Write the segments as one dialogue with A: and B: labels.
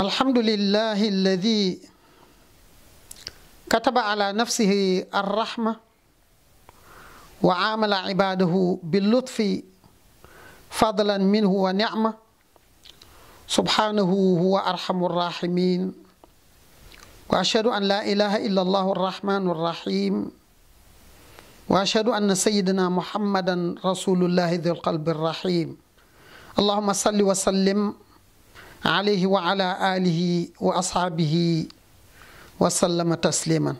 A: الحمد لله الذي كتب على نفسه الرحمة وعامل عباده باللطف فضلا منه ونعمة سبحانه هو أرحم الراحمين وأشهد أن لا إله إلا الله الرحمن الرحيم واشهد ان سيدنا محمدا رسول الله ذو القلب الرحيم اللهم صل وسلم عليه وعلى اله واصحابه وسلم تسليما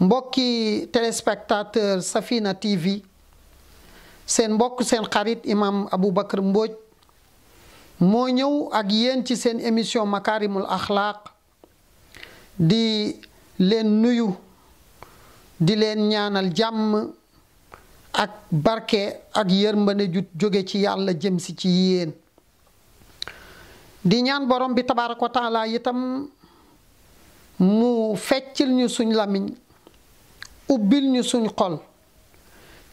A: مبكي تيليسبكتاتور سفينه تي في سين بوك سين قريت امام ابو بكر مبوج مو نيو اك يين سين اميسيون مكارم الاخلاق دي لن نيو di leen ñaanal jàmm ak barke ak yërmande ju jóge ci yàlla jëm si ci yéen di ñaan borom bi tabaaraka wa taala itam mu feccil ñu suñ lamiñ ubbil ñu suñ xol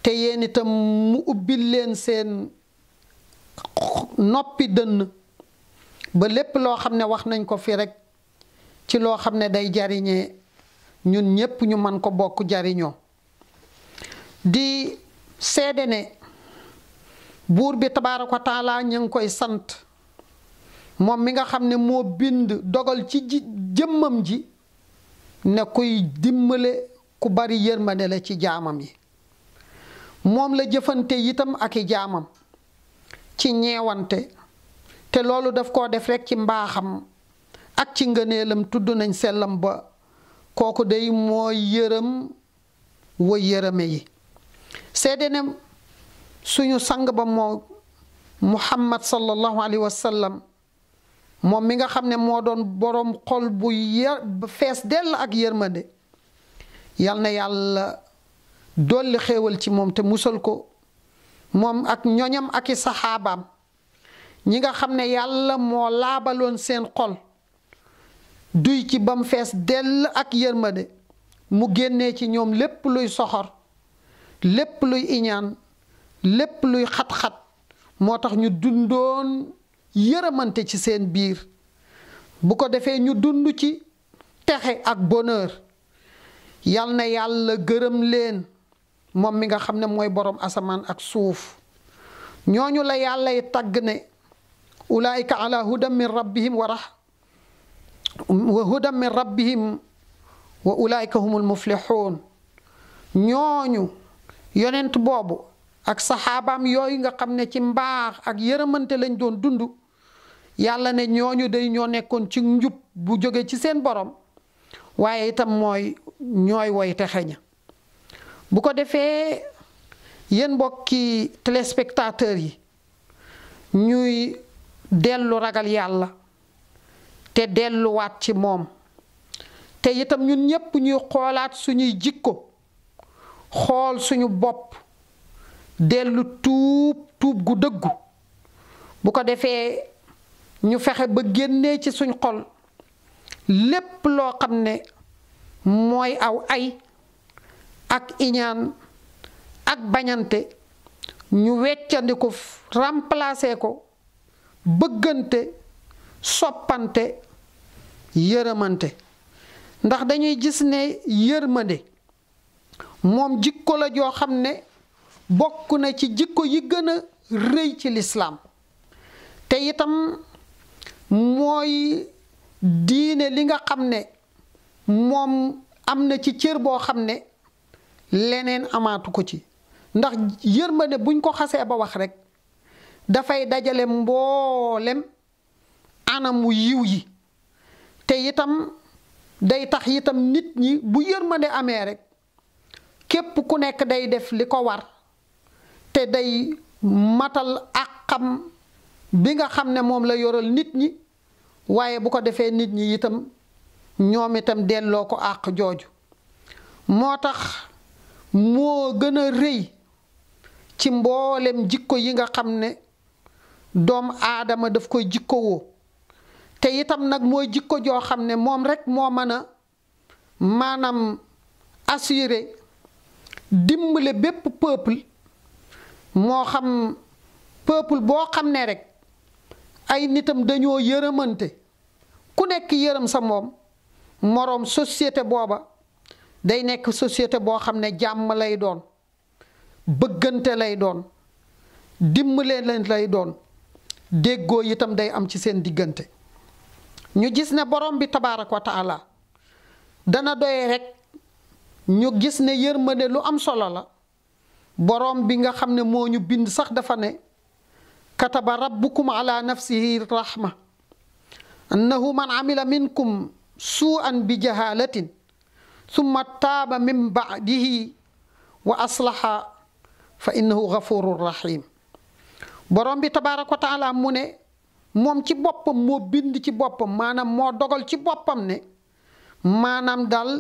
A: te yéen itam mu ubbil leen seen noppi dënn ba lépp loo xam ne wax nañ ko fi rekk ci loo xam ne day jariñee ñun ñépp ñu man ko bokk jariñoo di seede ne buur bi tabaaraka ko taalaa ñu ngi koy sant moom mi nga xam ne moo bind dogal ci ji jëmmam ji ne kuy dimbale ku bari yërmande la ci jaamam yi moom la jëfante itam ak i jaamam ci ñeewante te loolu def koo def rekk ci mbaaxam ak ci ngëneelam tudd nañ sellam ba kooku day moo yërëm way yërëme yi seede suñu sang ba moo muhammad sallallahu alayhi wa sallam moom mi nga xam ne moo doon boroom xol bu yar fees dell ak yërmande yal na yàlla dolli xéewal ci moom te musal ko moom ak ñoñam aki saxaabaam ñi nga xam ne yàlla moo laabaloon seen xol duy ci bam fees dell ak yërmande mu génnee ci ñoom lépp luy soxor lépp luy iñaan lépp luy xat-xat moo tax ñu dundoon yërëmante ci seen biir bu ko defee ñu dund ci texe ak bonheur yal na yàlla gërëm leen moom mi nga xam ne mooy boroom asamaan ak suuf ñooñu la yàllay tàgg ne ulaayika ala hudan min rabbihim wa rahma wa hudan min rabbihim wa ulaika humul muflixuun ñooñu yonent boobu ak saxaabaam yooyu nga xam ne ci mbaax ak yërëmante lañ doon dund yàlla ne ñooñu day ñoo nekkoon ci njub bu jóge ci seen borom waaye itam mooy ñooy woy texeña bu ko defee yéen mbokki téléspectateurs yi ñuy dellu ragal yàlla te delluwaat ci moom te itam ñun ñépp ñuy xoolaat suñuy jikko xool suñu bopp dellu tuub tuub gu dëggu bu ko defee ñu fexe ba génnee ci suñ xol lépp loo xam ne mooy aw ay ak iñaan ak bañante ñu weccandi ko remplacer ko bëggante soppante yërëmante ndax dañuy gis ne yërmande moom jikko la joo xam ne bokk na ci jikko yi gën a rëy ci lislaam te itam mooy diine li nga xam ne moom am na ci cër boo xam ne leneen amaatu ko ci ndax yërmande buñ ko xasee ba wax rekk dafay dajale mboolem anamu yiw yi te itam day tax yitam nit ñi bu yërmande amee rekk képp ku nekk day def li ko war te day matal ak xam bi nga xam ne moom la yoral nit ñi waaye bu ko defee nit ñi itam ñoom itam delloo ko àq jooju moo tax moo gën a rëy ci mboolem jikko yi nga xam ne doomu aadama daf koy jikkowoo te itam nag mooy jikko joo xam ne moom rek moo mën a maanaam assurer dimbale bépp peuple moo xam peuple boo xam ne rek ay nitam dañoo yërëmante ku nekk yërëm sa moom moroom societé booba day nekk societé boo xam ne jàmm lay doon bëggante lay doon dimbale leen lay doon déggoo yitam day am ci seen diggante ñu gis ne borom bi tabaaraka wa taala dana doye rek ñu gis ne yërmande lu am solo la borom bi nga xam ne moo ñu bind sax dafa ne kataba rabbukum ala nafsihi rahma annahu man amila minkum suan bi jahalatin thumma taaba min ba'dihi wa aslaha fa innahu ghafurur rahim borom bi tabaaraka wa taala mu ne moom ci boppam moo bind ci boppam maanaam moo dogal ci boppam ne maanaam daal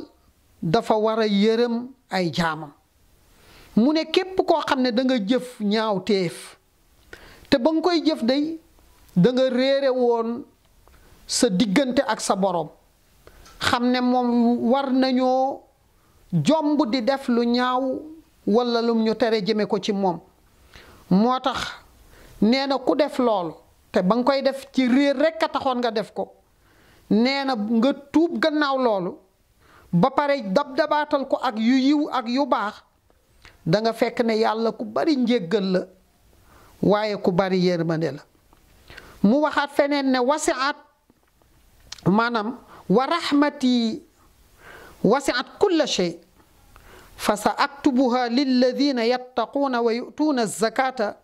A: dafa war a yërëm ay jaamam mu ne képp koo xam ne danga nga jëf ñaaw téef te ba nga koy jëf day da nga réere woon sa diggante ak sa boroom xam ne moom war nañoo jomb di def lu ñaaw walla lum ñu tere jëme ko ci moom moo tax nee na ku def loolu te bang koy def ci rir rek ka taxone nga def ko nee nga tuub gannaaw loolu ba pare dab dabatal ko ak yu yiw ak yu bax da nga fekk ne yàlla ku bari njéggal la waye ku bari yermane la mu waxat fenen ne wasiat manam wa rahmati wasiat kull shay fa sa aktubuha lilladina yattaquuna wa yu'tuuna zakata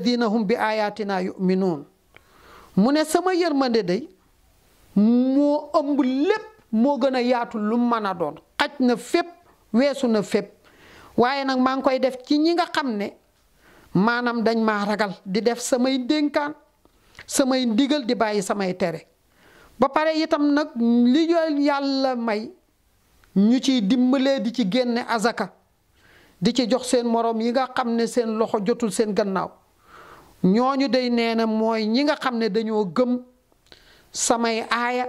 A: diina hum bi ayatina noonu mu ne sama yërmande day moo ëmb lépp moo gën a yaatu lu mën a doon xaj na fépp weesu na fépp waaye nag maa ngi koy def ci ñi nga xam ne maanaam dañ maa ragal di def samay ndénkaan samay ndigal di bàyyi samay tere ba pare itam nag li yàlla may ñu ciy dimbalee di ci génne azaka di ci jox seen moroom yi nga xam ne seen loxo jotul seen gannaaw ñooñu day nee na mooy ñi nga xam ne dañoo gëm samay aaya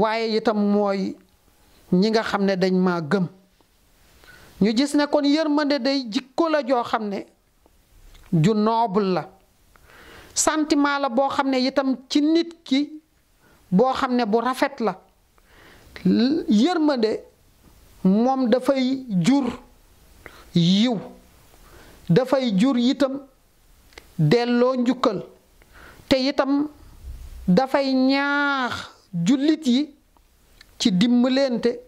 A: waaye itam mooy ñi nga xam ne dañ maa gëm ñu gis ne kon yërmande day jikko la joo xam ne ju noobul la sentiment la boo xam ne itam ci nit ki boo xam ne bu rafet la yërmande moom dafay jur yiw dafay jur yitam delloo njukkal te itam dafay ñaax jullit yi ci dimbalante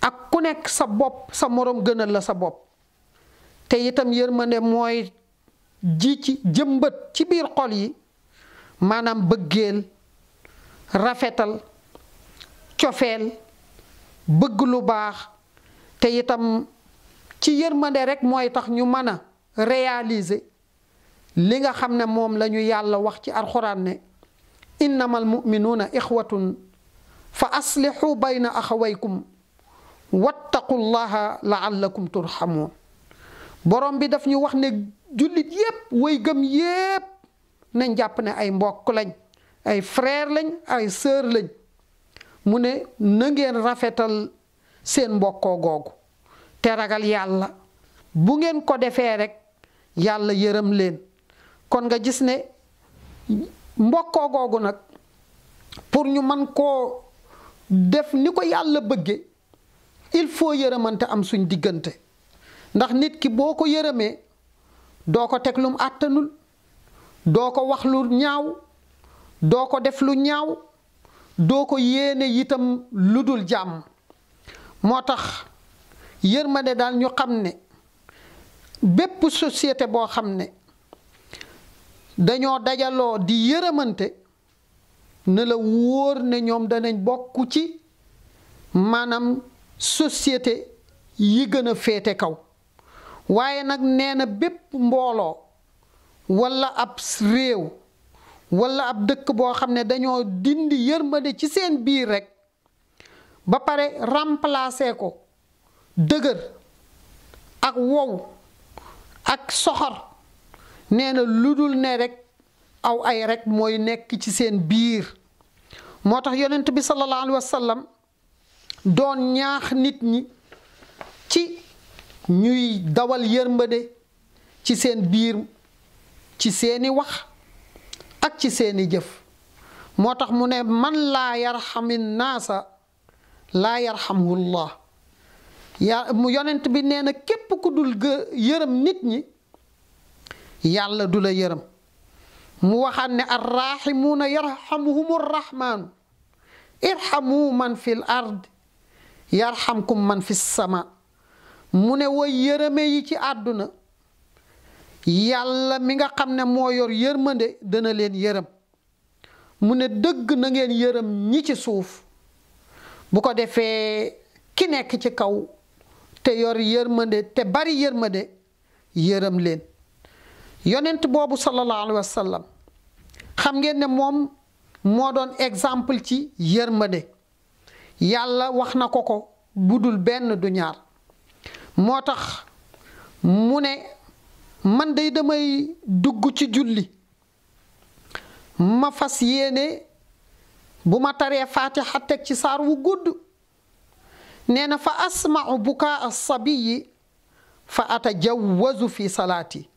A: ak ku nekk sa bopp sa moroom gënal la sa bopp te itam yërmande mooy ji ci jëmbat ci biir xol yi maanaam bëggeel rafetal cofeel bëgg lu baax te itam ci yërmande rek mooy tax ñu mën a réaliser li nga xam ne moom la ñu yàlla wax ci alxuraan ne innama almuminuuna ixwatun fa aslixu bayna axawaykum wattaqu llaha laallakum turxamuun borom bi daf ñu wax ne jullit yépp way gëm yépp nañ jàpp ne ay mbokk lañ ay frère lañ ay sœur lañ mu ne na ngeen rafetal seen mbokkoo googu te ragal yàlla bu ngeen ko defee rekk yàlla yërëm leen kon nga gis ne mbokkoo googu nag pour ñu man koo def ni ko yàlla bëgge il faut yërëmante am suñ diggante ndax nit ki boo ko yërëmee doo ko teg lum àttanul doo ko wax lu ñaaw doo ko def lu ñaaw doo ko yéene itam lu dul jàmm moo tax yërmande daal ñu xam ne bépp société boo xam ne dañoo dajaloo di yërëmante ne la wóor ne ñoom danañ bokk ci maanaam société yi gën a féete kaw waaye nag nee na bépp mbooloo walla ab réew walla ab dëkk boo xam ne dañoo dindi yërmande ci seen biir rekk ba pare remplacer ko dëgër ak wow ak soxor nee na lu dul ne rekk aw ay rek mooy nekk ci seen biir moo tax yonent bi sallallahu alayhi wa sallam doon ñaax nit ñi ci ñuy dawal yërmande ci seen biir ci seeni wax ak ci seeni jëf moo tax mu ne man laa yar yarxamin naasa laa yar llah ya mu yonent bi nee na képp ku dul yërëm nit ñi yàlla du la yërëm mu waxaat ne arrahimuuna yarhamuhumu rrahmaanu irhamu man fil ard yarhamkum man fis sama mu ne woy yërëme yi ci àdduna yàlla mi nga xam ne moo yor yërmande dana leen yërëm mu ne dëgg nangeen ngeen yërëm ñi ci suuf bu ko defee ki nekk ci kaw te yor yërmande te bari yërmande yërëm leen yonent boobu sallallahu alayhi xam ngeen ne moom moo doon exemple ci yërmande yàlla wax na ko ko budul benn du ñaar moo tax mu ne man dey damay dugg ci julli ma fas yéene bu ma taree faatixa teg ci saar wu gudd nee na fa asmau bukaa asabiyi fa atajawwazu fi salaati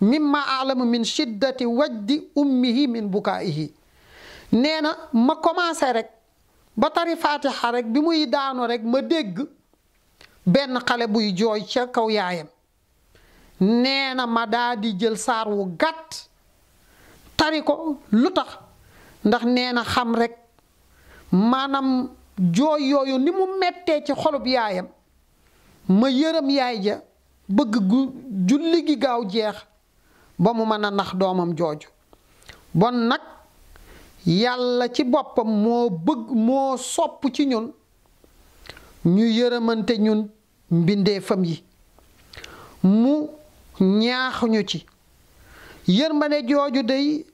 A: mimma alamu min shiddati wajdi ummihi min bukaa'ihi nee na ma commencé rek ba tari faati rek bi muy daano rek ma dégg benn xale buy jooy ca kaw yaayam nee na ma daa di jël saar wu gàtt tari ko lu tax ndax nee na xam rek maanaam jooy yooyu ni mu mettee ci xolub yaayam ma yërëm yaay ja bëgg gu julli gi gaaw jeex ba mu mën a nax doomam jooju bon nag yàlla ci boppam moo bëgg moo sopp ci ñun ñu yërëmante ñun mbindeefam yi mu ñaax ñu ci yërmande jooju day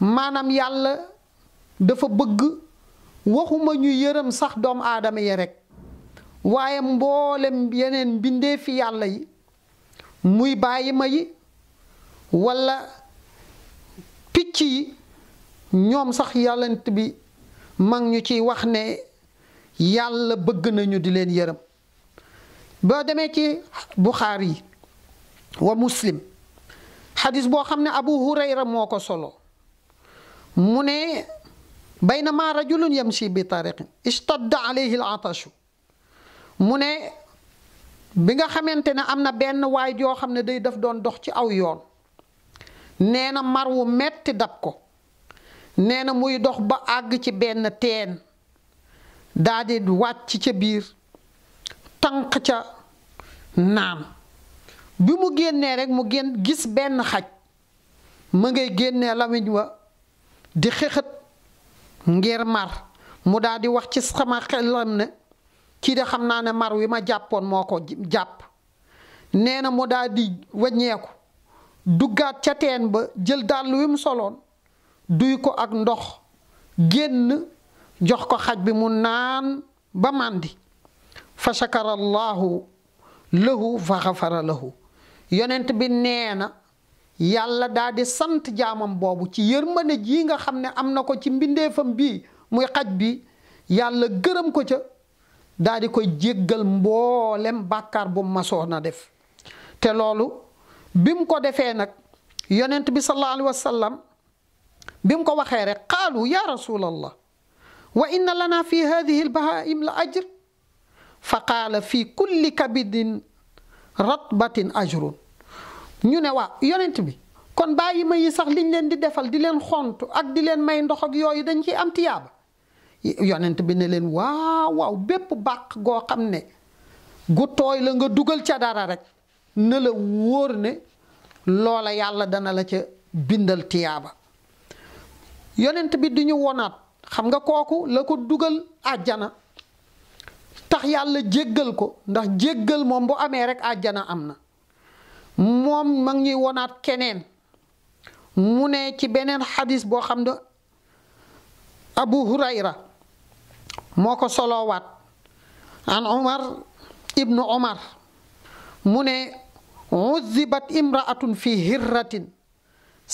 A: maanaam yàlla dafa bëgg waxuma ñu yërëm sax doom aadama yi rekk waaye mboolem yeneen mbindee fi yàlla yi muy bàyyi ma yi walla picc yi ñoom sax yàllant bi mag ñu ci wax ne yàlla bëgg nañu di leen yërëm boo demee ci buxaar yi wa muslim xadis boo xam ne abu hurayra moo ko solo mu ne bay na baynama rajulun yamshi bi tariqin istadda alayhi al atashu mu ne bi nga xamante ne am na benn waay joo xam ne day daf doon dox ci aw yoon nee na mar wu metti dab ko nee na muy dox ba àgg ci benn teen daa di wàcc ca biir tànq ca naan bi mu génnee rek mu génn gis benn xaj ma ngay génnee lamiñ wa di xëxët ngir mar mu daal di wax ci sama xelam ne kii de xam naa ne mar wi ma jàppoon moo ko jàpp nee na mu daal di waññeeku duggaat ca teen ba jël dàll wi mu soloon duy ko ak ndox génn jox ko xaj bi mu naan ba màndi fa shakara allahu lahu fa xafara lahu yonent bi nee yàlla daldi sante sant jaamam boobu ci yermane ji nga xamne amna ko ci mbindeefam bi muy xaj bi yàlla geureum ko ca daldi koy jegal mboolem bàkkaar bu masona def te loolu bim ko defé nak yonent bi sallallahu alayhi wasallam bim ko waxe rek qalu ya rasul allah wa inna lana fi hadihi albahaim la ajr فقال في كل كبد رطبه اجرون ñu ne waa yonent bi kon bàyyi ma yi sax liñ leen di defal di leen xontu ak di leen may ndox ak yooyu dañu ci am tiyaaba yonent bi ne leen waaw waaw bépp bàq goo xam ne gu tooy la nga dugal ca dara rek na wóor ne loola yàlla dana la ca bindal tiyaaba yonent bi di ñu wonaat xam nga kooku la ko dugal àjjana tax yàlla jéggal ko ndax jéggal moom bu amee rek àjjana am na moom mag ñuy wonaat keneen mu ne ci beneen xadis boo xam ne abu hurayra moo ko soloowaat an umar ibnu umar mu ne uzibat imraatun fi hirratin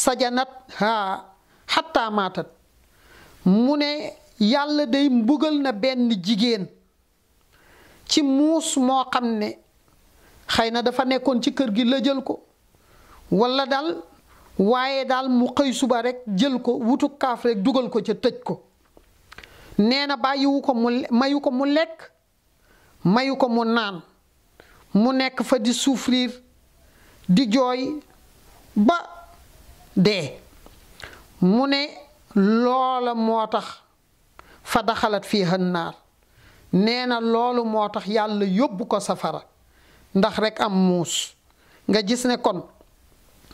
A: sajanat haa xatta maatat mu ne yàlla day mbugal na benn jigéen ci muus moo xam ne xëy na dafa nekkoon ci kër gi la jël ko wala daal waaye daal mu xëy suba rekk jël ko wutu kaaf rek dugal ko ca tëj ko nee na bàyyiwu ko mu ko mu lekk mayu ko mu naan mu nekk fa di souffrir di jooy ba dee mu ne loola moo tax fa daxalat fii hannaar nee na loolu moo tax yàlla yóbbu ko safara ndax rek am muus nga gis ne kon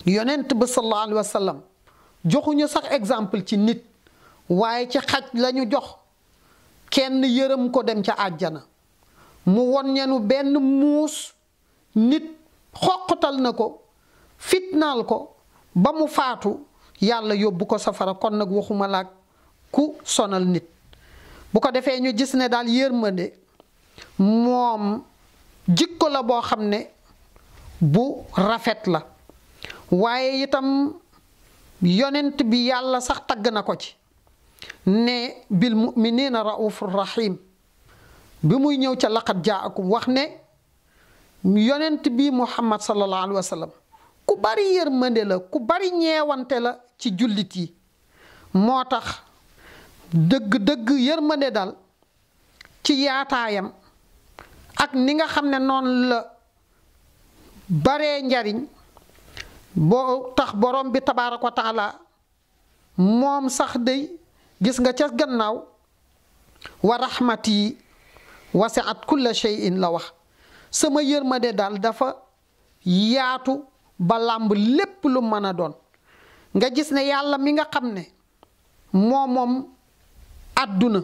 A: yonent ba sallallahu alayhi wa sallam joxuñu sax exemple ci nit waaye ci xaj lañu jox kenn yërëm ko dem ca àjjana mu won ñenu benn muus nit xoqatal na ko fitnaal ko ba mu faatu yàlla yóbbu ko safara kon nag waxuma laag ku sonal nit bu ko defee ñu gis ne daal yërmande moom jikko la boo xam ne bu rafet la waaye itam yonent bi yàlla sax tagg na ko ci ne bil muminina raufur rahim bi muy ñëw ca laqad jaakum wax ne yonent bi muhammad sallallahu alayhi wa sallam ku bari yërmande la ku bari ñeewante la ci jullit yi moo tax dëgg-dëgg yërmande dal ci yaataayam ak ni nga xam ne noonu la baree njariñ boo tax borom bi tabaaraka wa taala moom sax day gis nga ca gannaaw wa rahmati wasi'at kulla shay'in la wax sama yërmande daal dafa yaatu ba làmb lépp lu mën a doon nga gis ne yàlla mi nga xam ne moo àdduna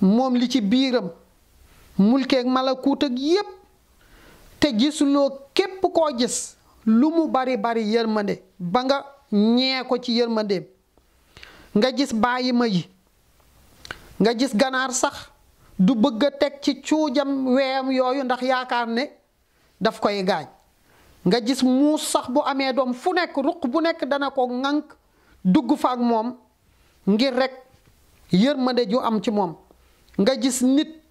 A: moom li ci biiram mulkeeg malakuut ak yépp te gisuloo képp koo gis lu mu bari bari yërmande ba nga ñee ko ci yërmandeem nga gis bàyyi ma yi nga gis ganaar sax du bëgg a teg ci cuujam weyam yooyu ndax yaakaar ne daf koy gaañ nga gis muus sax bu amee doom fu nekk ruq bu nekk dana ko ŋànk dugg fa ak moom ngir rekk yërmande ju am ci moom nga gis nit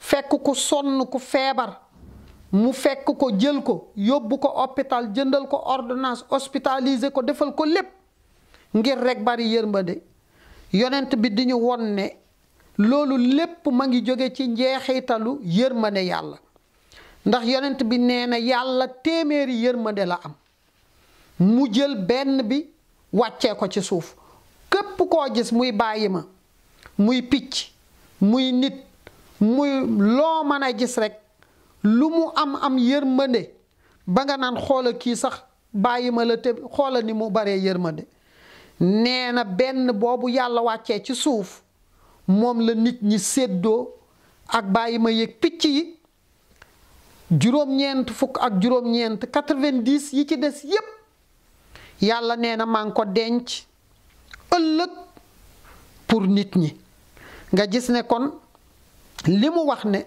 A: fekk ku sonn ku feebar mu fekk ko jël ko yóbbu ko hôpital jëndal ko ordonnance ospitalise ko defal ko lépp ngir rekk bari yërmande yonent bi di ñu won ne loolu lépp ma ngi jóge ci njeexitalu yërmande yàlla ndax yonent bi nee na yàlla téeméeri yërmande la am mu jël benn bi wàccee ko ci suuf képp koo gis muy bàyyi ma muy picc muy nit muy loo mën a gis rek lu mu am am yërmande ba nga naan xoola kii sax bàyyi ma la te xoola ni mu baree yërmande nee na benn boobu yàlla wàccee ci suuf moom la nit ñi séddoo ak bàyyi ma yëg picc yi juróom-ñeent fukk ak juróom ñeent yi ci des yépp yàlla nee na maa ngi ko denc ëllëg pour nit ñi nga gis ne kon li mu wax ne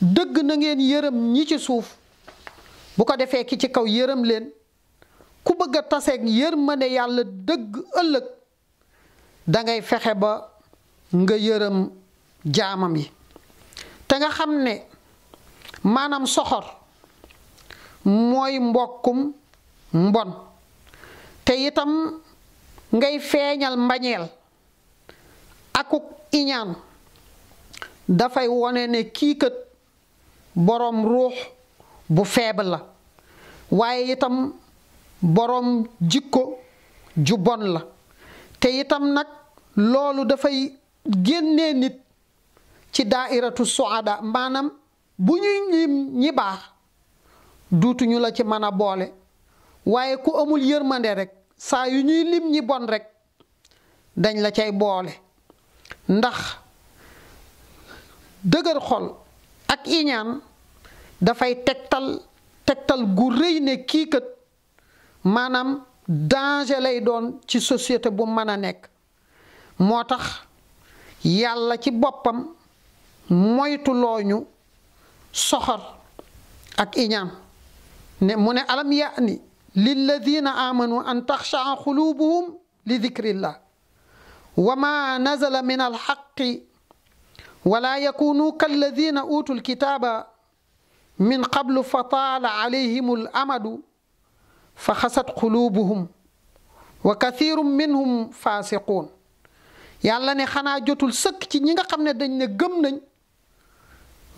A: dëgg na ngeen yërëm ñi ci suuf bu ko defee ki ci kaw yërëm leen ku bëgg a taseeg yërmande yàlla dëgg ëllëg dangay fexe ba nga yërëm jaamam yi te nga xam ne maanaam soxor mooy mbokkum mbon te itam ngay feeñal mbañeel akuk iñaan fay woné ne kii kat borom ruh bu faible la waaye itam borom jikko ju bon la te itam lolu da fay génné nit ci da'iratu suada manam bu ñuy ñi baax ñu la ci mëna boole ku amul yërmande rek sa yu ñuy lim ñi bon rek dañ la cey boole ndax dëgër xol ak iñan da fay tektal tektal gu reey ne ki kat manam danger lay don ci société bu mana nek motax yàlla ci bopam moytu loñu soxor ak iñan ne mune alam yaani lilladina amanu an taxshaa xulubuhum li dikrillah wa ma nazala min alxaqi ولا يكونوا كالذين أوتوا الكتاب من قبل فطال عليهم الأمد فخست قلوبهم وكثير منهم فاسقون يالا ني خانا جوتول سك تي نيغا خامن داني نغم نني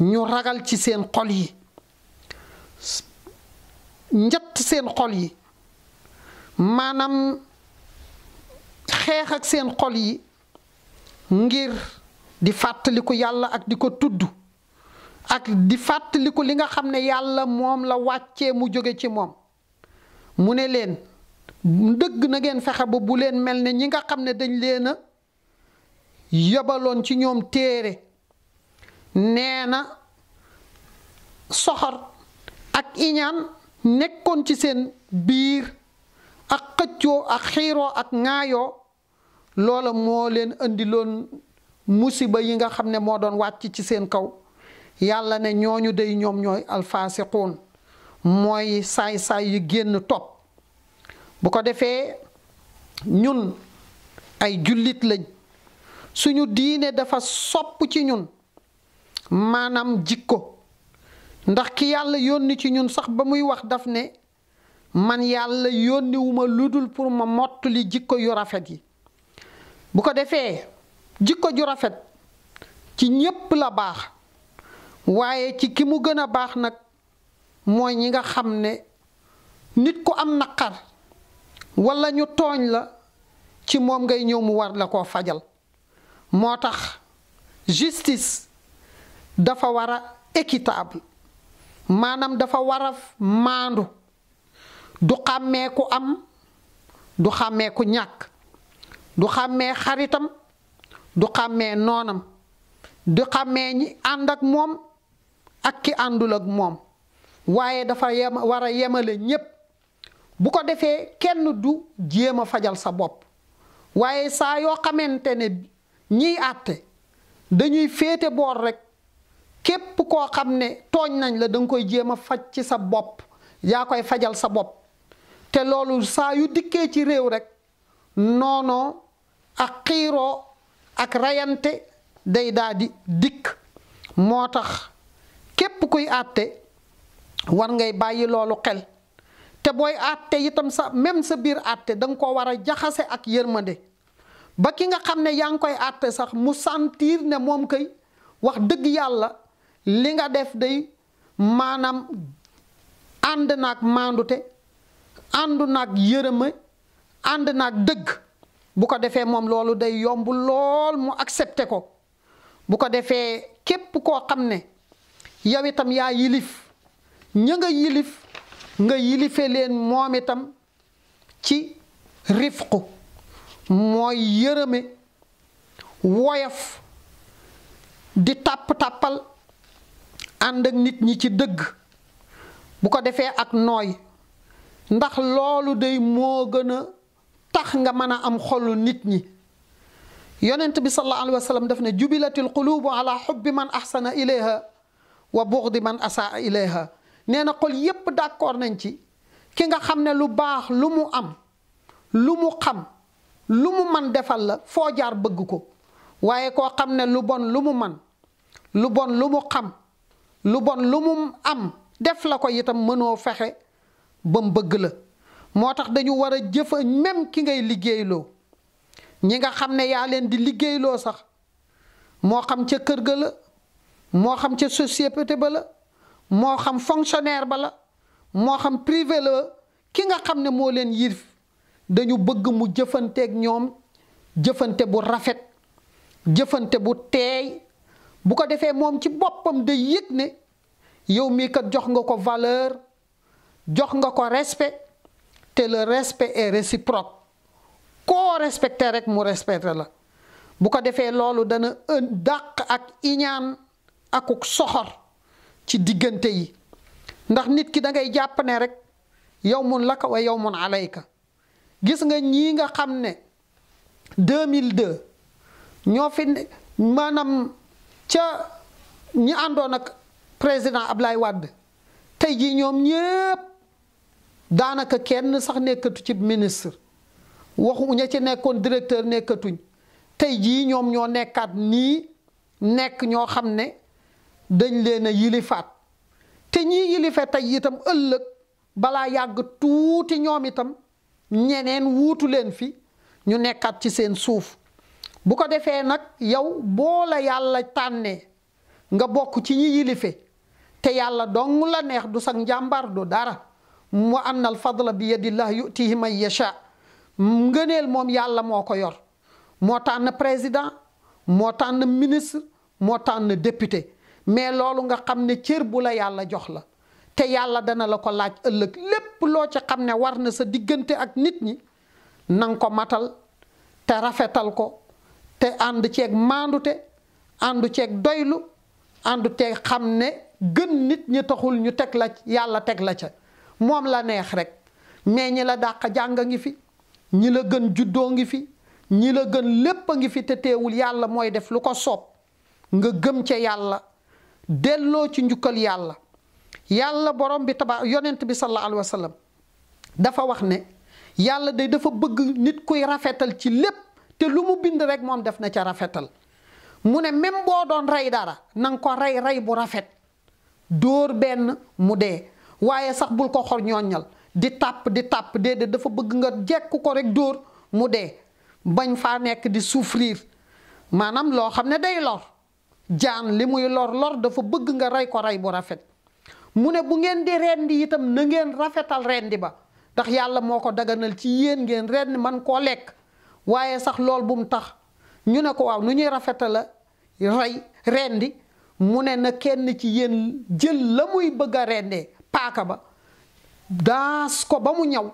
A: ني راغال تي سين خول يي نيات سين خول يي مانام خيخ اك سين خول يي غير di fàttaliku yàlla ak di ko tudd ak di fàttaliku li nga xam ne yàlla moom la wàccee mu jóge ci moom mu ne leen dëgg na ngeen fexe ba bu leen mel ne ñi nga xam ne dañ leen a ci ñoom téere neena na soxor ak iñaan nekkoon ci seen biir ak xëccoo ak xiiroo ak ŋaayoo loola moo leen indiloon musiba yi nga xam ne moo doon wàcc ci seen kaw yàlla ne ñooñu day ñoom ñooy alfaasiquun mooy saay-saay yu génn topp bu ko defee ñun ay jullit lañ suñu diine dafa sopp ci ñun maanaam jikko ndax ki yàlla yónni ci ñun sax ba muy wax daf ne man yàlla yónniwuma ludul pour ma mottali jikko yu rafet yi bu ko defee jikko ju rafet ci ñépp la baax waaye ci ki mu gën a baax nag mooy ñi nga xam ne nit ku am naqar walla ñu tooñ la ci moom ngay ñëw mu war la koo fajal moo tax justice dafa wara a équitable maanaam dafa wara maandu du xàmmee ku am du xàmmee ku ñàkk du xàmmee xaritam du xàmmee noonam du xàmmee ñi ànd ak moom ak ki àndul ak moom waaye dafa yem war yemale ñépp bu ko defee kenn du jéem a fajal sa bopp waaye saa yoo xamante ne ñiy àtte dañuy féete boor rekk képp koo xam ne tooñ nañ la danga koy jéem a faj ci sa bopp yaa koy fajal sa bopp te loolu saa yu dikkee ci réew rekk noonoo ak xiiroo ak rayante day daa di dikk moo tax képp kuy àtte war ngay bàyyi loolu xel te booy àtte itam sa même sa biir àtte danga ko war a jaxase ak yërmande ba ki nga xam ne yaa ngi koy àtte sax mu santiir ne moom koy wax dëgg yàlla li nga def day maanaam ànd naag maandute àndu naag yërëma ànd naag dëgg bu ko defee moom loolu day yomb lool mu accepté ko bu ko defee képp koo xam ne yow itam yaa yilif ña nga yilif nga yilife leen moom itam ci rifqu mooy yërëme woyof di tàpp-tàppal ànd ak nit ñi ci dëgg bu ko defee ak nooy ndax loolu day moo gën a tax nga mëna am xolu nit ñi yonent bi sallallahu alayhi wasallam daf ne jubilatil qulubu ala hubbi man ahsana ilayha wa buxdi man asaa ilayha neena xol yépp d'accord nañ ci ki nga xamne lu baax lu mu am lu mu xam lu mu man defal la fo jaar bëgg ko waye ko xamne lu bon lu mu man lu bon lu mu xam lu bon lu mu am def la ko itam mëno fexé bam bëgg la moo tax dañu war a jëfa même ki ngay liggéeyloo ñi nga xam ne yaa leen di liggéeyloo sax moo xam ca kër ga la moo xam ca société ba la moo xam fonctionnaire ba la moo xam privé la ki nga xam ne moo leen yirif dañu bëgg mu jëfante ak ñoom jëfante bu rafet jëfante bu teey bu ko defee moom ci boppam day yëg ne yow mii kat jox nga ko valeur jox nga ko respect te le respect est réciproque ko respecter rek mu respecter la bu ko defé loolu dana dak ak ak akuk soxor ci digënté yi ndax nit ki da ngay japp né rek yawmun laka wa yawmun alayka gis nga ñi nga xamné 2002 ño fi manam ca ñi andon ak président Ablaye Wade tay ji ñom ñepp daanaka kenn sax nekkatu ci ministre waxu ña ci nekkoon directeur nekkatuñ tey jii ñoom ñoo nekkaat nii nekk ñoo xam ne dañ leen a yilifaat te ñii yilife tey itam ëllëg balaa yàgg tuuti ñoom itam ñeneen wuutu leen fi ñu nekkaat ci seen suuf bu ko defee nag yow boo yàlla tànnee nga bokk ci ñi yilife te yàlla dong la neex du sax njàmbar du dara mu anna al fadla bi yadillah yutihi man yacha ngëneel moom yàlla moo ko yor moo tànn président moo tànn ministre moo tànn député mais loolu nga xam ne cër bu la yàlla jox la te yàlla dana la ko laaj ëllëg lépp loo ci xam ne war na sa diggante ak nit ñi nang ko matal te rafetal ko te ànd ceeg maandute ànd ceeg doylu ànd te xam ne gën nit ñi taxul ñu teg la yàlla teg la ca mom la neex rek mais ñi la dàq jang ngi fi ñi la gën juddo ngi fi ñi la gën lepp a ngi fi te teewul yalla moy def luko sop nga gëm ci yalla delloo ci njukkal yalla yalla borom bi taba yonent bi sallallahu alaihi wasallam dafa wax ne yalla day dafa bëgg nit kuy rafetal ci lepp te lu mu bind rek mom def na ci rafetal mu ne même bo doon ray dara nang ko ray ray bu rafet dóor ben mu waye sax bul ko xor ñooñal di tap di tàpp déedéet dafa bëgg nga jekku ko rek door mu dé bañ faa nek di souffrir manam lo xamne day lor jaan limuy lor lor dafa bëgg nga ray ko ray bu rafet mu ne bu ngeen di rendi itam na ngeen rafetal rendi ba tax yalla moko daganal ci yeen ngeen rendi man ko lek waye sax lol bu mu tax ñu ne ko waaw nu ñuy rafetala ray rendi mu ne na kenn ci yeen jël lamuy bëgg paaka ba daas ko ba mu ñaw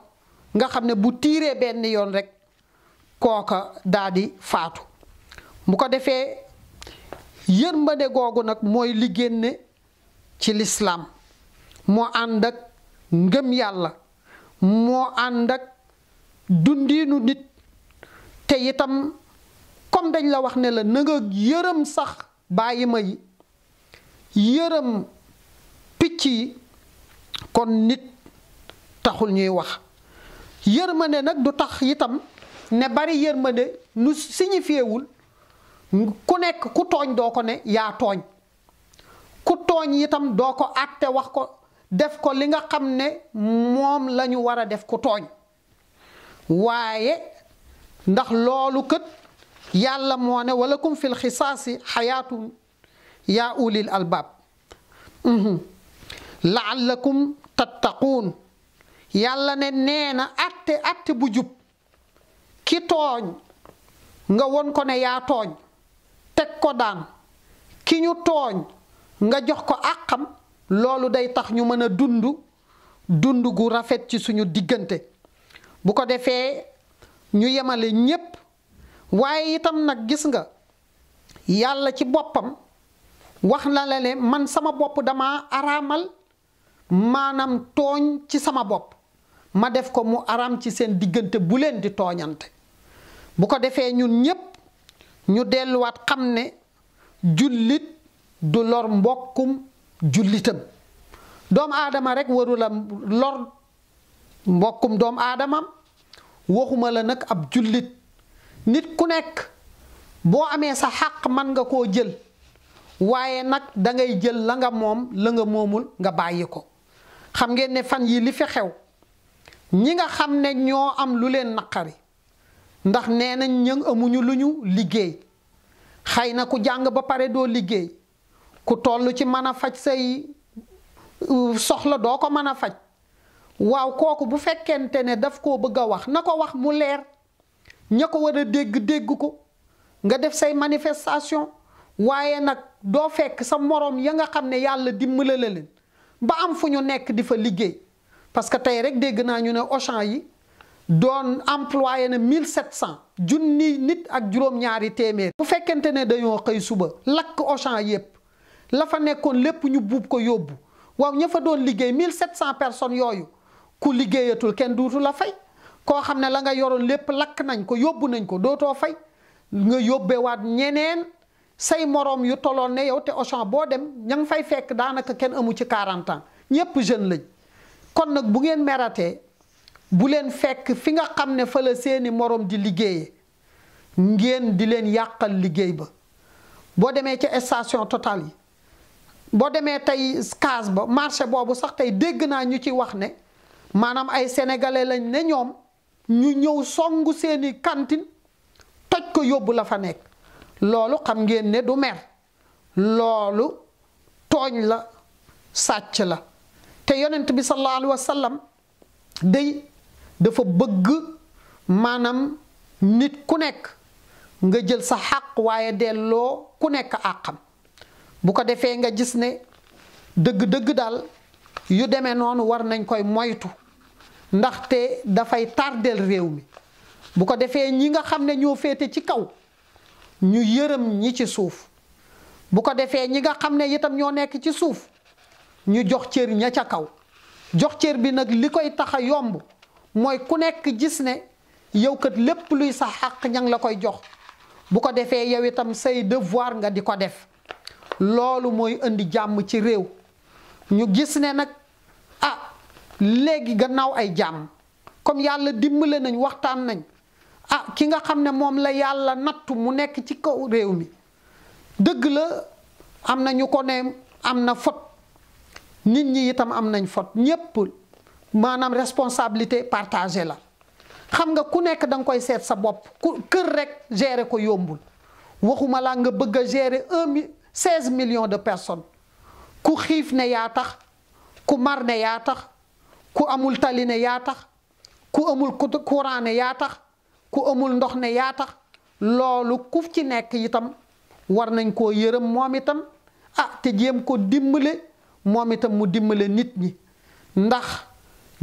A: nga xam ne bu tiiree benn yoon rekk kooka daa faatu bu ko defee yërmande googu nag mooy li génne ci lislaam moo ànd ak ngëm yàlla moo ànd ak dundiinu nit te itam comme dañ la wax ne la na nga yërëm sax bàyyi ma yi yërëm picc yi kon nit taxul ñuy wax yërmande nag du tax itam ne bari yërmande nu signifiewul ku nekk ku tooñ doo ko ne yaa tooñ ku tooñ itam doo ko àtte wax ko def ko li nga xam ne moom lañu ñu war a def ku tooñ waaye ndax loolu kët yàlla moo ne walakum fil xisaasi xayaatun yaa ulil albaab la'allakum tattaqun yalla ne neena atte atte bu jup ki togn nga won ko ne ya togn tek ko daan ki ñu togn nga jox ko akam lolu day tax ñu mëna dundu dundu gu rafet ci suñu digënté bu ko defé ñu yemale ñepp waye itam nak gis nga yalla ci bopam wax na la man sama bop dama aramal maanaam tooñ ci sama bopp ma def ko mu aram ci seen diggante bu leen di tooñante bu ko defee ñun ñépp ñu delluwaat xam ne jullit du lor mbokkum jullitam doomu aadama rekk warula lor mbokkum doomu aadamam waxuma la nag ab jullit nit ku nekk boo amee sa xàq man nga koo jël waaye nag dangay jël la nga moom la nga moomul nga bàyyi ko xam ngeen ne fan yi li fi xew ñi nga xam ne ñoo am lu leen naqari ndax nee nañ ñëng amuñu lu ñu liggéey xëy na ku jàng ba pare doo liggéey ku toll ci mën a faj say soxla doo ko mën a faj waaw kooku bu fekkente ne daf koo bëgg a wax na ko wax mu leer ña ko war a dégg dégg ko nga def say manifestation waaye nag doo fekk sa moroom ya nga xam ne yàlla dimbala la leen ba am fu ñu nekk di fa liggéey parce que tey rek dégg naa ñu ne Auchan yi doon employé na 1700 junni nit ak juróom-ñaari téeméer. bu fekkente ne dañoo xëy suba lakk Auchan yépp la fa nekkoon lépp ñu buub ko yóbbu waaw ña fa doon liggéey 1700 personnes yooyu ku liggéeyatul kenn duutu la fay koo xam ne la nga yoroon lépp lakk nañ ko yóbbu nañ ko dootoo fay nga yóbbewaat ñeneen. say moroom yu toloon ne yow te Auchan boo dem ña fay fekk daanaka kenn amu ci 40 ans ñépp jeune lañ kon nag bu ngeen meratee bu leen fekk fi nga xam ne fa la seeni moroom di liggéeyee ngeen di leen yàqal liggéey ba boo demee ci station Total yi boo demee tey case ba marché boobu sax tey dégg naa ñu ci wax ne maanaam ay sénégalais lañ ne ñoom ñu ñëw songu seeni cantine toj ko yóbbu la fa nekk loolu xam ngeen ne du mer loolu tooñ la sàcc la te yonent bi sallallahu alayhi wa sallam day dafa bëgg maanaam nit ku nekk nga jël sa xàq waaye delloo ku nekk àqam bu ko defee nga gis ne dëgg-dëgg daal yu demee noonu war nañ koy moytu ndaxte dafay tardeel réew mi bu ko defee ñi nga xam ne ñoo féete ci kaw ñu yërëm ñi ci suuf bu ko defee ñi nga xam ne itam ñoo nekk ci suuf ñu jox cër ña ca kaw jox cër bi nag li koy tax a yomb mooy ku nekk gis ne yow kat lépp luy sa xàq ña la koy jox bu ko defee yow itam say devoir nga di ko def loolu mooy indi jàmm ci réew ñu gis ne nag a ah, léegi gannaaw ay jàmm comme yàlla dimbale nañ waxtaan nañ ah ki nga xam ne moom la yàlla nattu mu nekk ci kaw réew mi dëgg la am na ñu ko ne am na fot nit ñi itam am nañ fot ñépp maanaam responsabilité partagée la xam nga ku nekk da nga koy seet sa bopp ku kër rek gere ko yombul waxuma laa nga bëgg a gérer un seize millions de personnes ku xiif ne yaa tax ku mar ne yaa tax ku amul tali ne yaa tax ku amul courant ne yaa tax ku amul ndox ne yaa tax loolu ku ci nekk itam war nañ koo yërëm moom itam ah te jéem ko dimmale moom itam mu dimmale nit ñi ndax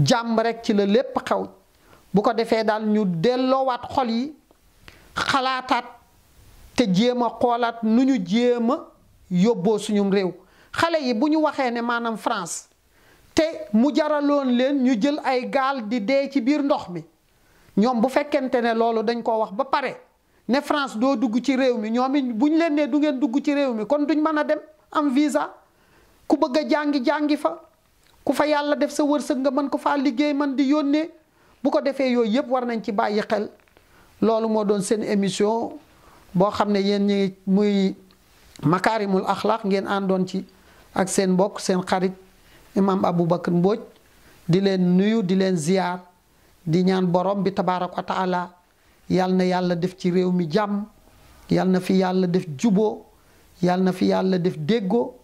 A: jàmm rekk ci la lépp xew bu ko defee daal ñu delloowaat xol yi xalaataat te jéem a xoolaat nu ñu jéem a yóbboo suñum réew xale yi bu ñu waxee ne maanaam France te mu jaraloon leen ñu jël ay gaal di dee ci biir ndox mi ñoom bu fekkente ne loolu dañ koo wax ba pare ne France doo dugg ci réew mi ñoom it bu ñu leen du ngeen dugg ci réew mi kon duñ mën a dem am visa ku bëgg a jàngi jàngi fa ku fa yàlla def sa wërsëg nga mën ko faa liggéey man di yónnee bu ko defee yooyu yëpp war nañ ci bàyyi xel loolu moo doon seen émission boo xam ne yéen ñi muy makaarimul axlaaq ngeen àndoon ci ak seen mbokk seen xarit imam Aboubacar Mbodj di leen nuyu di leen ziyaar di ñaan borom bi tabaaraka wa taala yal na yàlla def ci réew mi jàmm yal na fi yàlla def juboo yal na fi yàlla def déggoo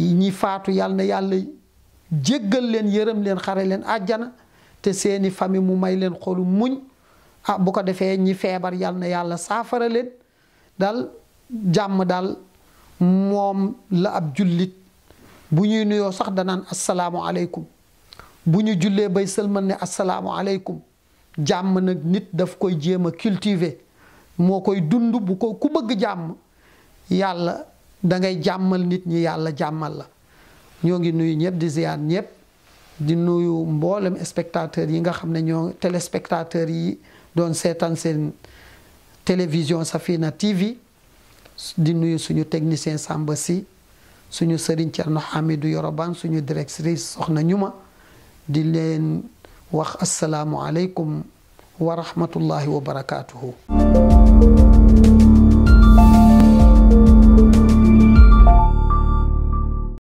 A: ñi faatu yal na yàlla jéggal leen yërëm leen xare leen àjjana te seeni famille mu may leen xolu muñ ah bu ko defee ñi feebar yal na yàlla saafara leen dal jàmm daal moom la ab jullit bu ñuy nuyoo sax danaan assalaamu aleykum bu ñu jullee bay sëlman ne asalaamu aleykum jàmm nag nit daf koy jéem a cultiver moo koy dund bu ko ku bëgg jàmm yàlla da ngay jàmmal nit ñi yàlla jàmmal la ñoo ngi nuyu ñëpp di ziar ñëpp di nuyu mboolem spectateur yi nga xam ne ñoo téléspectateur yi doon seetaan seen télévision Safina TV di nuyu suñu technicien Samba si suñu sëriñ Thierno Hamidou Yoroban suñu directrice soxna ñuma di leen السلام عليكم ورحمه الله وبركاته. Thank